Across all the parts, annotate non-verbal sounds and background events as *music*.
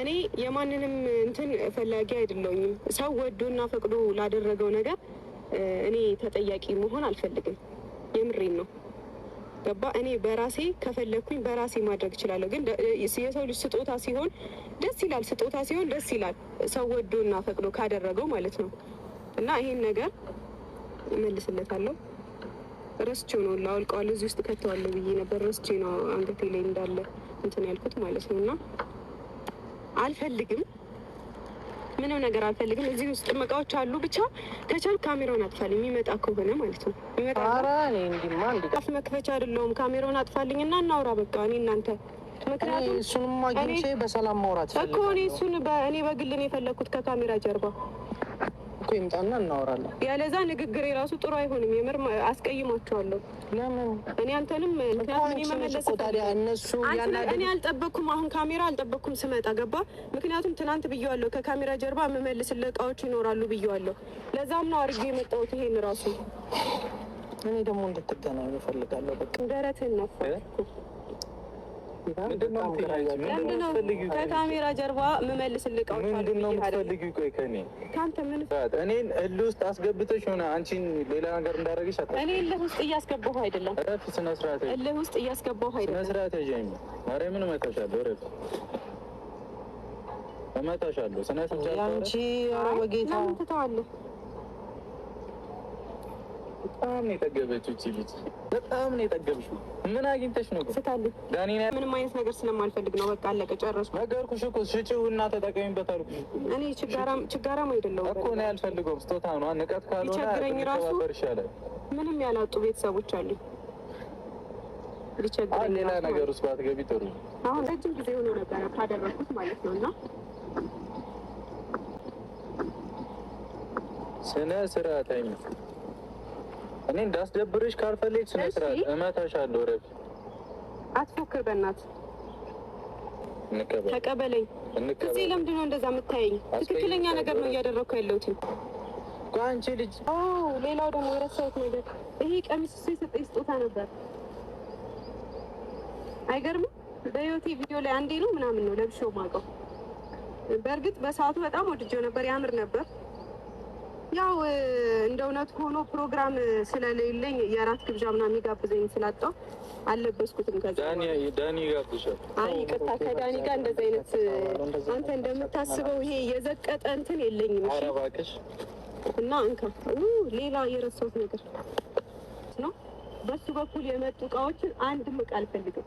እኔ የማንንም እንትን ፈላጊ አይደለውኝም። ሰው ወዶና ፈቅዶ ላደረገው ነገር እኔ ተጠያቂ መሆን አልፈልግም። የምሬን ነው። ገባ እኔ በራሴ ከፈለግኩኝ በራሴ ማድረግ እችላለሁ። ግን የሰው ልጅ ስጦታ ሲሆን ደስ ይላል። ስጦታ ሲሆን ደስ ይላል። ሰው ወዶና ፈቅዶ ካደረገው ማለት ነው። እና ይሄን ነገር እመልስለታለሁ። ረስቼው ነው ላወልቀዋለሁ። እዚህ ውስጥ ከተዋለሁ ብዬ ነበር። ረስቼ ነው አንገቴ ላይ እንዳለ እንትን ያልኩት ማለት ነው እና አልፈልግም፣ ምንም ነገር አልፈልግም። እዚህ ውስጥ ጥመቃዎች አሉ። ብቻ ከቻል ካሜራውን አጥፋል። የሚመጣ ከሆነ ማለት ነው። መክፈቻ አይደለውም። ካሜራውን አጥፋልኝ እና እናውራ በቃ እኔ እናንተ ምክንያቱም እሱንም አግኝቼ በሰላም ማውራት እኮ እኔ እሱን እኔ በግል ነው የፈለግኩት ከካሜራ ጀርባ ይምጣና እናወራለን። ያለዛ ንግግር የራሱ ጥሩ አይሆንም። የምር አስቀይሟቸዋለሁ። እኔ አንተንም እነሱ እኔ አልጠበኩም። አሁን ካሜራ አልጠበኩም ስመጣ ገባ። ምክንያቱም ትናንት ብየዋለሁ፣ ከካሜራ ጀርባ የምመልስልህ እቃዎች ይኖራሉ ብየዋለሁ። ለዛም ነው አድርጌ የመጣሁት ይሄን ራሱ። እኔ ደግሞ እንድትገናኙ እፈልጋለሁ። በቃ ደረትህን ነው ከካሜራ ጀርባ የምመልስልህ እቃዎች እኔን እልህ ውስጥ አስገብተሽ ሆነ አንቺን ሌላ ነገር እንዳደረግሽ እኔ እልህ ውስጥ እያስገባሁ አይደለም። እረፍ፣ ስነ ስርዓት እልህ ውስጥ እያስገባሁ አይደለም። ስነ ስርዓት ያዣኝ ማርያምን እመታሻለሁ። እረፍ፣ እመታሻለሁ። ስነ ስርዓት አንቺ ኧረ በጌታ ትተዋለህ በጣም ነው የጠገበችው እቺ ልጅ፣ በጣም ነው የጠገብሽው። ምን አግኝተሽ ነው? ምንም አይነት ነገር ስለማልፈልግ ነው። በቃ አለቀ፣ ጨረስኩ። ነገርኩሽ እኮ ሽጪው እና ተጠቀሚበት አልኩሽ። እኔ ችጋራም አይደለሁም እኮ ነው ያልፈልገው። ስጦታ ነው። ንቀት ካልሆነ ራሱ ምንም ያላጡ ቤተሰቦች አሉኝ። ሌላ ነገር ውስጥ ባትገቢ ጥሩ። አሁን ረጅም ጊዜ ሆኖ ነበረ ካደረኩት ማለት ነው እና ስነ ስርዓት እኔ እንዳስደብርሽ ካልፈለግሽ ስነ ስርዓት እመታሻለሁ። ረቢ አትፎክር፣ በእናትህ ተቀበለኝ። እዚህ ለምንድን ነው እንደዛ የምታየኝ? ትክክለኛ ነገር ነው እያደረግኩ ያለሁት። አንቺ ልጅ። ሌላው ደግሞ የረሳሁት ነገር ይሄ ቀሚስ እሱ የሰጠኝ ስጦታ ነበር። አይገርምም? በህይወቴ ቪዲዮ ላይ አንዴ ነው ምናምን ነው ለብሼው የማውቀው። በእርግጥ በሰዓቱ በጣም ወድጄው ነበር፣ ያምር ነበር ያው እንደ እውነት ሆኖ ፕሮግራም ስለሌለኝ የአራት ግብዣ ምናምን የሚጋብዘኝ ስላጣው አለበስኩትም። ከዳኒ ጋብሻል። አይ ይቅርታ፣ ከዳኒ ጋር እንደዚህ አይነት አንተ እንደምታስበው ይሄ የዘቀጠ እንትን የለኝም። ኧረ እና እንካ። ሌላ የረሳሁት ነገር ነው፣ በሱ በኩል የመጡ እቃዎችን አንድም እቃ አልፈልግም።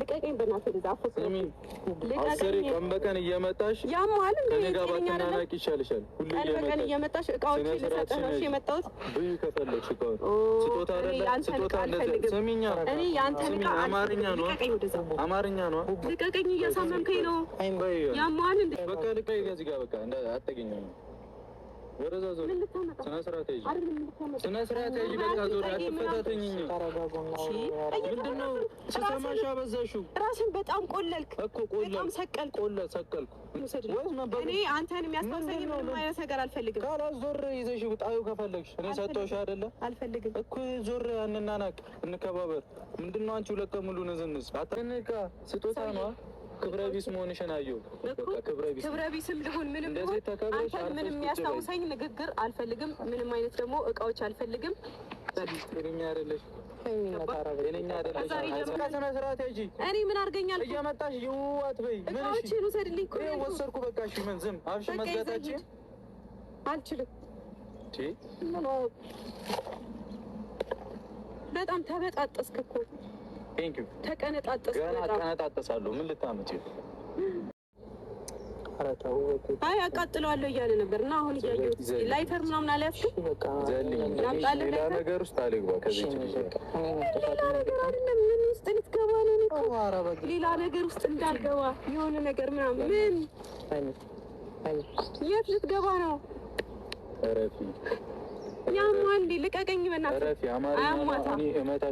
ልቀቀኝ፣ በእናትህ ልዛ ስሚ፣ አስሬ ቀን በቀን እየመጣሽ ያማል እንዴ ይሻልሻል። ሁሉ ቀን እየመጣሽ እቃዎች ልሰጥህ ነው የመጣሁት። ብዙ ከፈለግሽ ስጦታ ስጦታ እኔ ያንተን እቃ አማርኛ ነው አማርኛ ነው። ልቀቀኝ፣ እያሳመምከኝ ነው። ያማል እንዴ በቃ ልቀቀኝ፣ ከዚህ ጋር በቃ አትገኘኝ ወደዛ ዞር። ስነ ስርዓት ራስን በጣም ቆለልክ ቆለል፣ በጣም ሰቀል፣ ቆለል፣ ሰቀል። እኔ አንተን የሚያስታውሰኝ ምንም አይነት ነገር አልፈልግም። ካላስ ዞር ይዘሽ ጣዩ ከፈለግሽ እኔ ሰጠሁሽ አይደለ? አልፈልግም እኮ ዞር። እንናናቅ፣ እንከባበር። ምንድነው አንቺ ሁለት ቀን ሙሉ ንዝንዝ? ስጦታ ነው ክብረ ቢስ መሆንሽን አየሁ። ክብረ ቢስም ልሁን ምንም ልሁን አንተን ምንም የሚያስታውሰኝ ንግግር አልፈልግም። ምንም አይነት ደግሞ እቃዎች አልፈልግም። እኔ ምን አድርገኛል? እየመጣሽ ይዋትበይ እቃዎችን ውሰድልኝ። ወሰድኩ በቃ ምን ዝም አብሽ መዝጋታች አልችልም። በጣም ተበጣጠስክ እኮ ተቀነጣጠሳለሁ። ምን ልታመጪ? አይ አቃጥለዋለሁ እያለ ነበር እና አሁን እያየሁት ላይተር ምናምን አልያዝኩም። ሌላ ነገር ውስጥ አልግባ። ከዚህ ምን ውስጥ ልትገባ ነው? ሌላ ነገር ውስጥ እንዳልገባ የሆነ ነገር ምናምን ምን የት ልትገባ ነው? ያሟል። ልቀቀኝ፣ በእናትህ አያሟታ።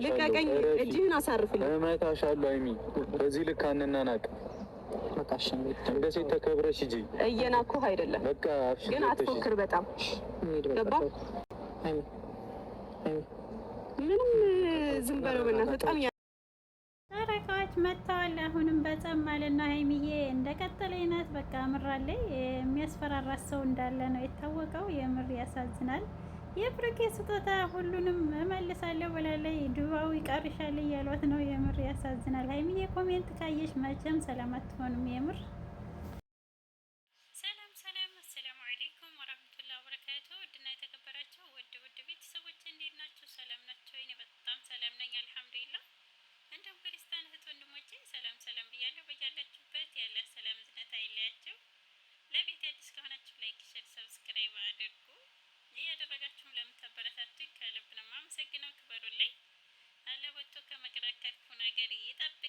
ልቀቀኝ፣ እጅህን አሳርፍልኝ። እመታሻለሁ አይሚ፣ በዚህ ልክ አንናናቅ። እንደ ሴት ተከብረሽ ሂጂ። እየናኩህ አይደለም፣ ግን አትፎክር በጣም ገባ። ምንም ዝም በለው በእናትህ በጣም ጨረቃዎች መጥተዋል። አሁንም በጣም ማለት ሀይሚዬ እንደቀጠለ ይናት በቃ ምራለይ የሚያስፈራራት ሰው እንዳለ ነው የታወቀው። የምር ያሳዝናል። የብሩኬ ስጦታ ሁሉንም እመልሳለሁ ብላለች። ዱባው ይቀርሻል እያሏት ነው። የምር ያሳዝናል። ሀይሚዬ ኮሜንት ካየሽ መቼም ሰላም አትሆንም የምር ወጥቶ ከመቅረት ከክፉ ነገር ይጠብቅ።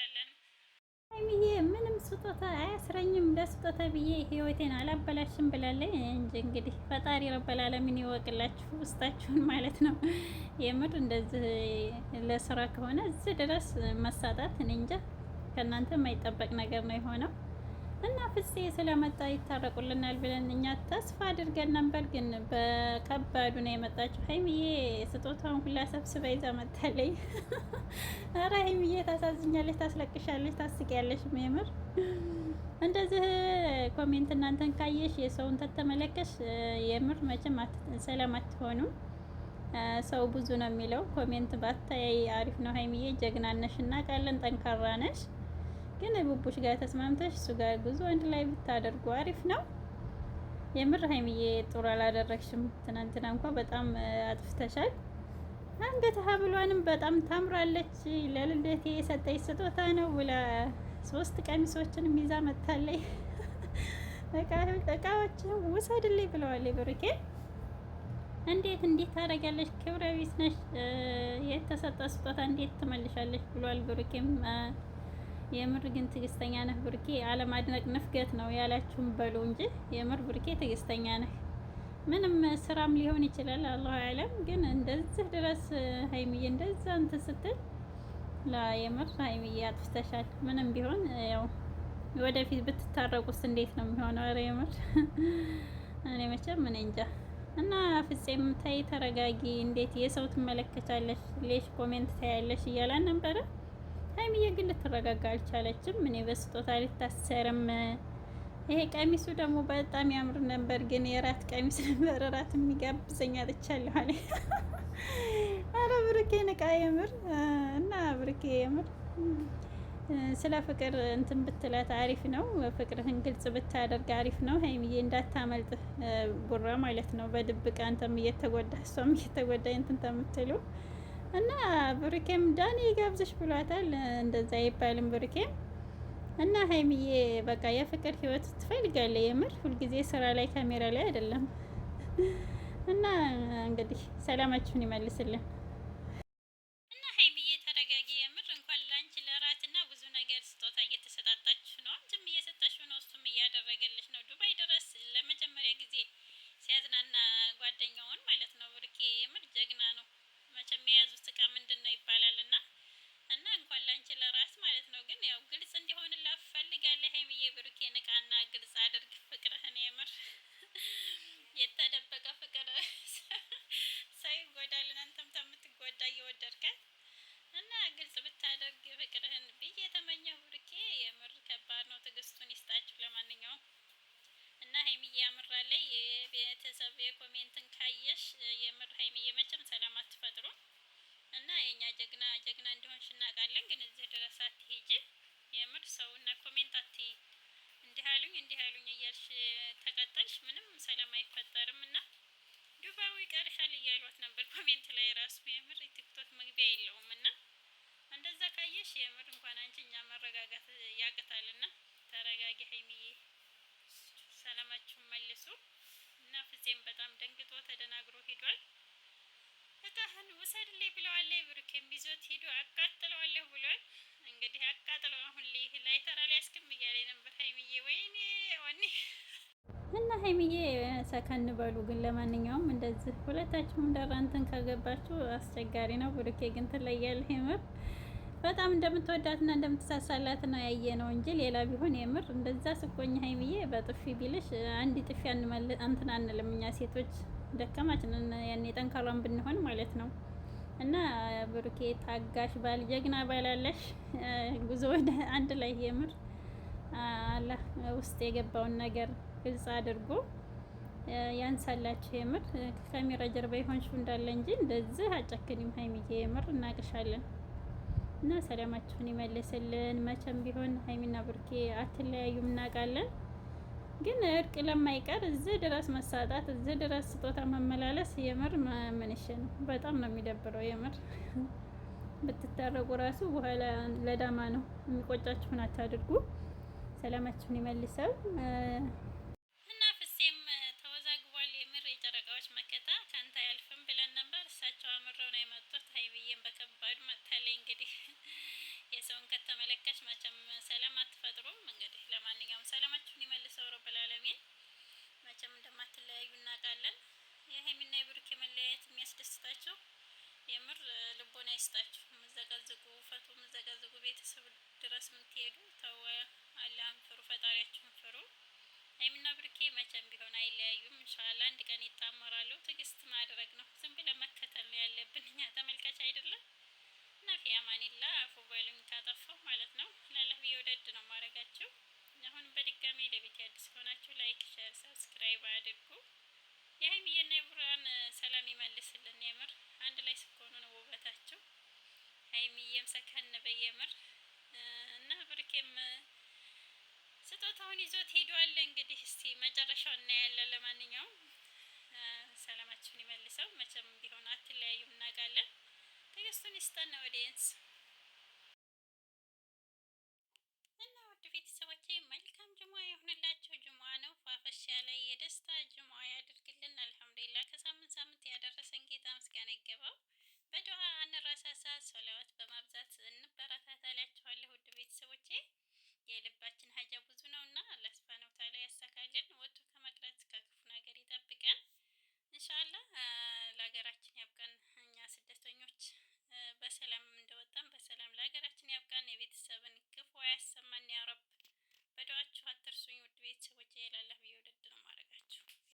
እንላለን። ብዬ ምንም ስጦታ አያስረኝም ለስጦታ ብዬ ህይወቴን አላበላሽም ብላለኝ። እንጂ እንግዲህ ፈጣሪ ረበል ይወቅላችሁ ውስጣችሁን ማለት ነው። የምር እንደዚህ ለስራ ከሆነ እዚህ ድረስ መሳጣት እኔ እንጃ ከእናንተ የማይጠበቅ ነገር ነው የሆነው። እና ፍሴ ስለመጣ ይታረቁልናል ብለን እኛ ተስፋ አድርገን ነበር። ግን በከባዱ ነው የመጣችው። ሀይሚዬ ስጦታውን ሁላ ሰብስባ ይዛ መታለይ። *laughs* ኧረ ሀይሚዬ ታሳዝኛለች፣ ታስለቅሻለች፣ ታስቂያለች። ሜምር እንደዚህ ኮሜንት እናንተን ካየሽ የሰውን ተተመለከሽ የምር መቼም ሰላም አትሆኑም። ሰው ብዙ ነው የሚለው ኮሜንት ባታያይ አሪፍ ነው። ሀይሚዬ ጀግናነሽ እና ቃለን ጠንካራ ነሽ። ግን ቡቡሽ ጋር ተስማምተሽ እሱ ጋር ጉዞ አንድ ላይ ብታደርጉ አሪፍ ነው። የምር ሀይሚዬ ጥሩ አላደረግሽም። ትናንትና እንኳ በጣም አጥፍተሻል። አንገት ሀብሏንም በጣም ታምራለች። ለልደቴ የሰጠች ስጦታ ነው ብላ ሶስት ቀሚሶችን ይዛ መታለይ *laughs* እቃዎችን ውሰድልኝ ብለዋል። ብሩኬ እንዴት እንዴት ታደርጊያለሽ? ክብረ ቢስ ነሽ። የተሰጠ ስጦታ እንዴት ትመልሻለሽ? ብሏል ብሩኬም የምር ግን ትዕግስተኛ ነህ ብርኬ፣ አለማድነቅ ንፍገት ነው ያላችሁም በሉ እንጂ የምር ብርኬ ትዕግስተኛ ነህ። ምንም ስራም ሊሆን ይችላል አላሁ አለም። ግን እንደዚህ ድረስ ሀይሚዬ እንደዛ እንትን ስትል ላ የምር ሀይሚዬ አጥፍተሻል። ምንም ቢሆን ያው ወደፊት ብትታረቁስ እንዴት ነው የሚሆነው? ኧረ የምር *laughs* እኔ መቼም ምን እንጃ እና ፍፄም ታይ ተረጋጊ፣ እንዴት የሰው ትመለከቻለሽ ሌሽ ኮሜንት ታያለሽ እያላን ነበረ ሀይሚዬ ግን ልትረጋጋ አልቻለችም። እኔ በስጦታ አልታሰርም። ይሄ ቀሚሱ ደግሞ በጣም ያምር ነበር፣ ግን የራት ቀሚስ ነበር። እራት የሚጋብዘኝ አጥቻለሁ አለ። አረ ብርኬ ንቃ የምር እና ብርኬ የምር ስለ ፍቅር እንትን ብትላት አሪፍ ነው። ፍቅርህን ግልጽ ብታደርግ አሪፍ ነው። ሀይሚዬ እንዳታመልጥ ጉራ ማለት ነው። በድብቅ አንተም እየተጎዳ እሷም እየተጎዳ እንትን ተምትሉ እና ብሩኬም ዳኒ ይጋብዝሽ ብሏታል። እንደዛ አይባልም ብሩኬም እና ሀይሚዬ በቃ የፍቅር ህይወት ትፈልጋለ። የምር ሁልጊዜ ስራ ላይ ካሜራ ላይ አይደለም። *laughs* እና እንግዲህ ሰላማችሁን ይመልስልን። እያልሽ ተቀጣሽ ምንም ሰላም አይፈጠርም እና ዱባዊ ቀርሻል እያሏት ነበር ኮሜንት ላይ ራሱ የምር የቲክቶክ መግቢያ የለውም እና እንደዛ ካየሽ የምር እንኳን አንቺ እኛ መረጋጋት ያቅታልና ተረጋጊ ሀይሚዬ ሰላማችሁን መልሱ እና ፍፄም በጣም ደንግጦ ተደናግሮ ሄዷል እቃህን ውሰድልኝ ብለዋል ብሩኬም ይዞት ሄዶ አቃጥለዋለሁ ብሏል እንግዲህ አቃጥለው አሁን ላይ ላይተራ ሊያስቅም እያለኝ ነበር ሀይሚዬ ሰከን በሉ ግን ለማንኛውም እንደዚህ ሁለታችሁም ደራንትን ከገባችሁ አስቸጋሪ ነው። ብሩኬ ግን ትለያለህ። የምር በጣም እንደምትወዳትና እንደምትሳሳላት ነው ያየ ነው እንጂ ሌላ ቢሆን የምር እንደዛ ስቆኝ ሀይሚዬ በጥፊ ቢልሽ አንድ ጥፊ አንትን አንልም እኛ ሴቶች ደከማችን ያኔ ጠንካሯን ብንሆን ማለት ነው። እና ብሩኬ ታጋሽ ባል ጀግና ባላለሽ ጉዞ ወደ አንድ ላይ የምር አላህ ውስጥ የገባውን ነገር ግልጽ አድርጎ ያንሳላችሁ። የምር ከካሜራ ጀርባ የሆንሽው እንዳለ እንጂ እንደዚህ አጨክኒም ሀይሚዬ፣ የምር እናቅሻለን። እና ሰላማችሁን ይመልስልን። መቼም ቢሆን ሀይሚና ብርኬ አትለያዩም እናውቃለን። ግን እርቅ ለማይቀር እዚህ ድረስ መሳጣት፣ እዚህ ድረስ ስጦታ መመላለስ የምር ምንሽ ነው? በጣም ነው የሚደብረው። የምር *laughs* ብትታረቁ ራሱ በኋላ ለዳማ ነው። የሚቆጫችሁን አታድርጉ። ሰላማችሁን ይመልሰው። ይጣመራሉ። ትዕግስት ማድረግ ነው። ዝም ብለን መከተል ነው ያለብን እኛ ተመልካች አይደለም። እና ፊ አማኒላ አፉ ማለት ነው። ላለፍ የወደድ ነው ማድረጋችሁ። አሁን በድጋሚ ለቤት አዲስ ከሆናችሁ ላይክ፣ ሸር፣ ሰብስክራይብ አድርጉ። የሀይሚዬና የቡራን ሰላም ይመልስልን። የምር አንድ ላይ ስትሆኑ ነው ውበታችሁ። ሀይሚዬም ሰከን በየምር እና ብርኬም ስጦታውን ይዞት ሄዷል። እንግዲህ እስቲ መጨረሻው እናያለን። ለማንኛውም ሰላማችሁን ይመልሰው። መቼም ቢሆን አትለያዩም እናውቃለን። ትዕግስቱን ይስጠን ነው ኦዲየንስ